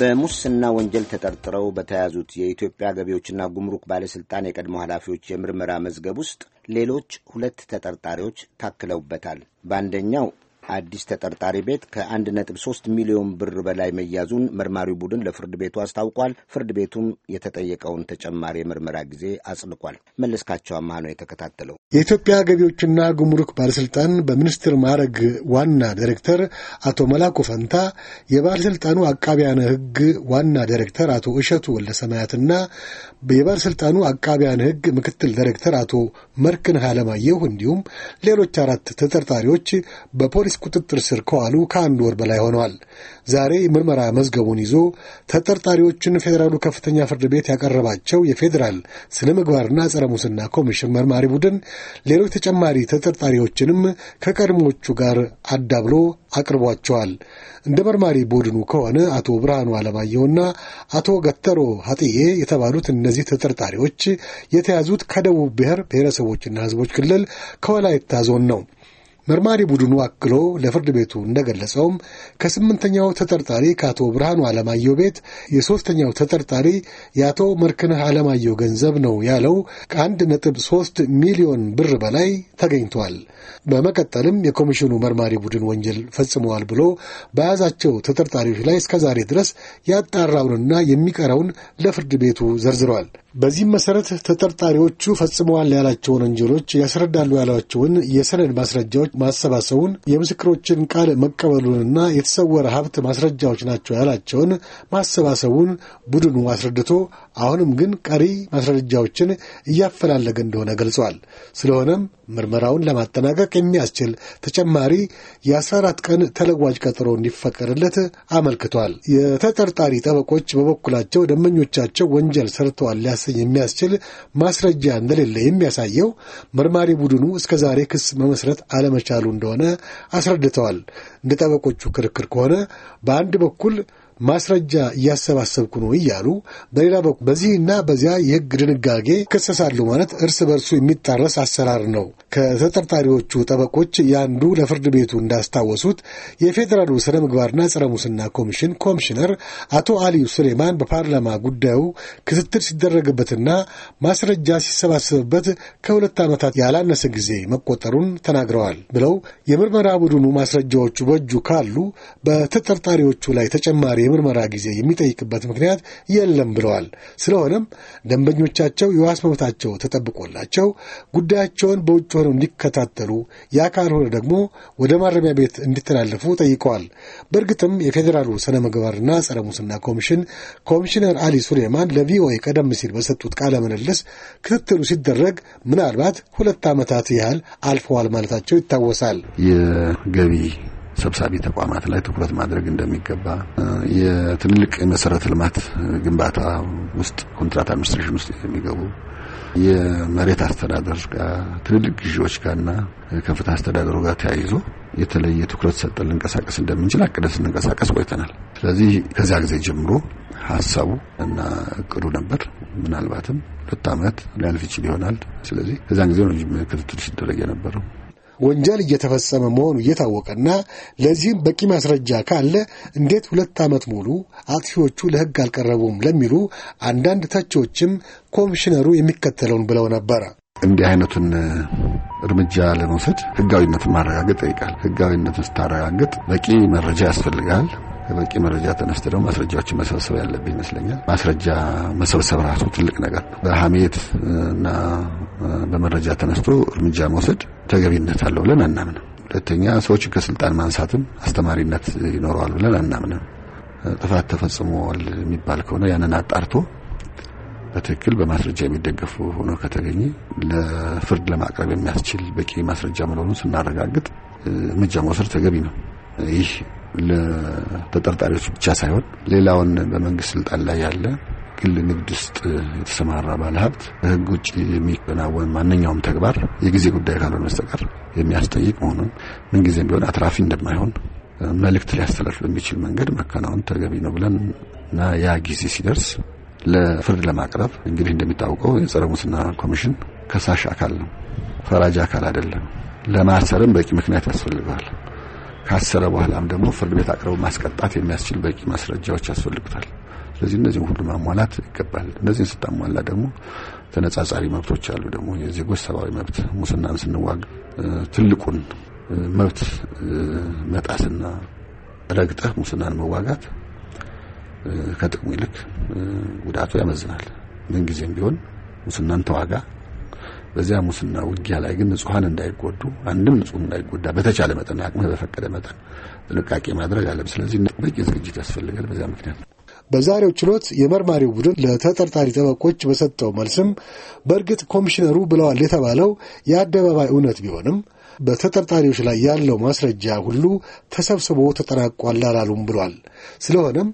በሙስና ወንጀል ተጠርጥረው በተያዙት የኢትዮጵያ ገቢዎችና ጉምሩክ ባለሥልጣን የቀድሞ ኃላፊዎች የምርመራ መዝገብ ውስጥ ሌሎች ሁለት ተጠርጣሪዎች ታክለውበታል። በአንደኛው አዲስ ተጠርጣሪ ቤት ከ1.3 ሚሊዮን ብር በላይ መያዙን መርማሪው ቡድን ለፍርድ ቤቱ አስታውቋል። ፍርድ ቤቱም የተጠየቀውን ተጨማሪ የምርመራ ጊዜ አጽድቋል። መለስካቸው አማህ ነው የተከታተለው። የኢትዮጵያ ገቢዎችና ጉምሩክ ባለሥልጣን በሚኒስትር ማዕረግ ዋና ዳይሬክተር አቶ መላኩ ፈንታ፣ የባለሥልጣኑ አቃቢያነ ሕግ ዋና ዳይሬክተር አቶ እሸቱ ወልደሰማያትና የባለሥልጣኑ አቃቢያነ ሕግ ምክትል ዳይሬክተር አቶ መርክን አለማየሁ እንዲሁም ሌሎች አራት ተጠርጣሪዎች በፖሊስ በፖሊስ ቁጥጥር ስር ከዋሉ ከአንድ ወር በላይ ሆነዋል። ዛሬ ምርመራ መዝገቡን ይዞ ተጠርጣሪዎችን ፌዴራሉ ከፍተኛ ፍርድ ቤት ያቀረባቸው የፌዴራል ስነ ምግባርና ጸረ ሙስና ኮሚሽን መርማሪ ቡድን ሌሎች ተጨማሪ ተጠርጣሪዎችንም ከቀድሞቹ ጋር አዳብሎ አቅርቧቸዋል። እንደ መርማሪ ቡድኑ ከሆነ አቶ ብርሃኑ አለማየሁና አቶ ገተሮ ሀጥዬ የተባሉት እነዚህ ተጠርጣሪዎች የተያዙት ከደቡብ ብሔር ብሔረሰቦችና ሕዝቦች ክልል ከወላይታ ዞን ነው። መርማሪ ቡድኑ አክሎ ለፍርድ ቤቱ እንደገለጸውም ከስምንተኛው ተጠርጣሪ ከአቶ ብርሃኑ አለማየሁ ቤት የሶስተኛው ተጠርጣሪ የአቶ መርክንህ አለማየሁ ገንዘብ ነው ያለው ከአንድ ነጥብ ሶስት ሚሊዮን ብር በላይ ተገኝቷል። በመቀጠልም የኮሚሽኑ መርማሪ ቡድን ወንጀል ፈጽመዋል ብሎ በያዛቸው ተጠርጣሪዎች ላይ እስከዛሬ ድረስ ያጣራውንና የሚቀረውን ለፍርድ ቤቱ ዘርዝሯል በዚህም መሰረት ተጠርጣሪዎቹ ፈጽመዋል ያላቸውን ወንጀሎች ያስረዳሉ ያሏቸውን የሰነድ ማስረጃዎች ማሰባሰቡን፣ የምስክሮችን ቃል መቀበሉንና የተሰወረ ሀብት ማስረጃዎች ናቸው ያላቸውን ማሰባሰቡን ቡድኑ አስረድቶ አሁንም ግን ቀሪ ማስረጃዎችን እያፈላለገ እንደሆነ ገልጿል። ስለሆነም ምርመራውን ለማጠናቀቅ የሚያስችል ተጨማሪ የ14 ቀን ተለዋጅ ቀጠሮ እንዲፈቀድለት አመልክቷል። የተጠርጣሪ ጠበቆች በበኩላቸው ደንበኞቻቸው ወንጀል ሰርተዋል ሊያሰኝ የሚያስችል ማስረጃ እንደሌለ የሚያሳየው መርማሪ ቡድኑ እስከዛሬ ክስ መመስረት አለመቻሉ እንደሆነ አስረድተዋል። እንደ ጠበቆቹ ክርክር ከሆነ በአንድ በኩል ማስረጃ እያሰባሰብኩ ነው እያሉ በሌላ በኩል በዚህና በዚያ የህግ ድንጋጌ ከሰሳሉ ማለት እርስ በርሱ የሚጣረስ አሰራር ነው። ከተጠርጣሪዎቹ ጠበቆች የአንዱ ለፍርድ ቤቱ እንዳስታወሱት የፌዴራሉ ስነ ምግባርና ጸረ ሙስና ኮሚሽን ኮሚሽነር አቶ አሊዩ ሱሌማን በፓርላማ ጉዳዩ ክትትል ሲደረግበትና ማስረጃ ሲሰባሰብበት ከሁለት ዓመታት ያላነሰ ጊዜ መቆጠሩን ተናግረዋል ብለው የምርመራ ቡድኑ ማስረጃዎቹ በእጁ ካሉ በተጠርጣሪዎቹ ላይ ተጨማሪ የምርመራ ጊዜ የሚጠይቅበት ምክንያት የለም ብለዋል። ስለሆነም ደንበኞቻቸው የዋስ መብታቸው ተጠብቆላቸው ጉዳያቸውን በውጭ ሆነው እንዲከታተሉ፣ ያ ካልሆነ ደግሞ ወደ ማረሚያ ቤት እንዲተላለፉ ጠይቀዋል። በእርግጥም የፌዴራሉ ስነ ምግባርና ጸረ ሙስና ኮሚሽን ኮሚሽነር አሊ ሱሌማን ለቪኦኤ ቀደም ሲል በሰጡት ቃለ ምልልስ ክትትሉ ሲደረግ ምናልባት ሁለት ዓመታት ያህል አልፈዋል ማለታቸው ይታወሳል። የገቢ ሰብሳቢ ተቋማት ላይ ትኩረት ማድረግ እንደሚገባ፣ የትልልቅ የመሰረተ ልማት ግንባታ ውስጥ ኮንትራት አድሚኒስትሬሽን ውስጥ የሚገቡ የመሬት አስተዳደር ጋር ትልልቅ ግዢዎች ጋርና ከፍታ አስተዳደሩ ጋር ተያይዞ የተለየ ትኩረት ሰጠን ልንቀሳቀስ እንደምንችል አቅደን ስንንቀሳቀስ ቆይተናል። ስለዚህ ከዚያ ጊዜ ጀምሮ ሀሳቡ እና እቅዱ ነበር። ምናልባትም ሁለት ዓመት ሊያልፍ ይችል ይሆናል። ስለዚህ ከዚያን ጊዜ ነው ክትትል ሲደረግ የነበረው። ወንጀል እየተፈጸመ መሆኑ እየታወቀና ለዚህም በቂ ማስረጃ ካለ እንዴት ሁለት ዓመት ሙሉ አጥፊዎቹ ለሕግ አልቀረቡም ለሚሉ አንዳንድ ተቺዎችም ኮሚሽነሩ የሚከተለውን ብለው ነበረ። እንዲህ አይነቱን እርምጃ ለመውሰድ ህጋዊነትን ማረጋገጥ ይጠይቃል። ሕጋዊነትን ስታረጋግጥ በቂ መረጃ ያስፈልጋል። በቂ መረጃ ተነስተ ደግሞ ማስረጃዎችን መሰብሰብ ያለብህ ይመስለኛል። ማስረጃ መሰብሰብ ራሱ ትልቅ ነገር ነው። በሀሜት እና በመረጃ ተነስቶ እርምጃ መውሰድ ተገቢነት አለው ብለን አናምንም። ሁለተኛ ሰዎችን ከስልጣን ማንሳትም አስተማሪነት ይኖረዋል ብለን አናምንም። ጥፋት ተፈጽሟል የሚባል ከሆነ ያንን አጣርቶ በትክክል በማስረጃ የሚደገፉ ሆኖ ከተገኘ ለፍርድ ለማቅረብ የሚያስችል በቂ ማስረጃ መኖሩን ስናረጋግጥ እርምጃ መውሰድ ተገቢ ነው። ይህ ለተጠርጣሪዎች ብቻ ሳይሆን ሌላውን በመንግስት ስልጣን ላይ ያለ በግል ንግድ ውስጥ የተሰማራ ባለሀብት በህግ ውጭ የሚከናወን ማንኛውም ተግባር የጊዜ ጉዳይ ካልሆነ መስተቀር የሚያስጠይቅ መሆኑን ምንጊዜም ቢሆን አትራፊ እንደማይሆን መልእክት ሊያስተላልፍ በሚችል መንገድ መከናወን ተገቢ ነው ብለን እና ያ ጊዜ ሲደርስ ለፍርድ ለማቅረብ እንግዲህ እንደሚታወቀው የጸረ ሙስና ኮሚሽን ከሳሽ አካል ነው፣ ፈራጅ አካል አይደለም። ለማሰርም በቂ ምክንያት ያስፈልገዋል። ካሰረ በኋላም ደግሞ ፍርድ ቤት አቅርቦ ማስቀጣት የሚያስችል በቂ ማስረጃዎች ያስፈልጉታል። ስለዚህ እነዚህ ሁሉ ማሟላት ይገባል። እነዚህን ስታሟላ ደግሞ ተነጻጻሪ መብቶች አሉ። ደግሞ የዜጎች ሰብአዊ መብት ሙስናን ስንዋግ ትልቁን መብት መጣስና ረግጠህ ሙስናን መዋጋት ከጥቅሙ ይልቅ ጉዳቱ ያመዝናል። ምንጊዜም ቢሆን ሙስናን ተዋጋ። በዚያ ሙስና ውጊያ ላይ ግን ንጹሐን እንዳይጎዱ አንድም ንጹህ እንዳይጎዳ በተቻለ መጠን አቅምህ በፈቀደ መጠን ጥንቃቄ ማድረግ አለም። ስለዚህ በቂ ዝግጅት ያስፈልጋል። በዚያ ምክንያት በዛሬው ችሎት የመርማሪው ቡድን ለተጠርጣሪ ጠበቆች በሰጠው መልስም በእርግጥ ኮሚሽነሩ ብለዋል የተባለው የአደባባይ እውነት ቢሆንም በተጠርጣሪዎች ላይ ያለው ማስረጃ ሁሉ ተሰብስቦ ተጠናቋል አላሉም ብሏል። ስለሆነም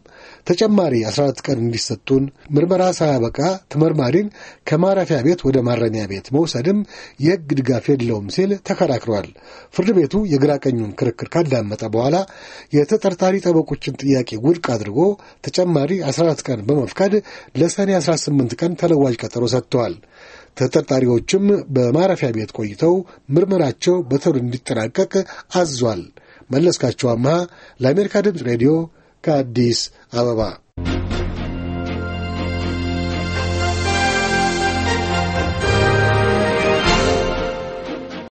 ተጨማሪ 14 ቀን እንዲሰጡን ምርመራ ሳያበቃ ተመርማሪን ከማረፊያ ቤት ወደ ማረሚያ ቤት መውሰድም የሕግ ድጋፍ የለውም ሲል ተከራክሯል። ፍርድ ቤቱ የግራ ቀኙን ክርክር ካዳመጠ በኋላ የተጠርጣሪ ጠበቆችን ጥያቄ ውድቅ አድርጎ ተጨማሪ 14 ቀን በመፍቀድ ለሰኔ 18 ቀን ተለዋጅ ቀጠሮ ሰጥተዋል። ተጠርጣሪዎችም በማረፊያ ቤት ቆይተው ምርመራቸው በተሩ እንዲጠናቀቅ አዟል። መለስካቸው አምሃ ለአሜሪካ ድምፅ ሬዲዮ ከአዲስ አበባ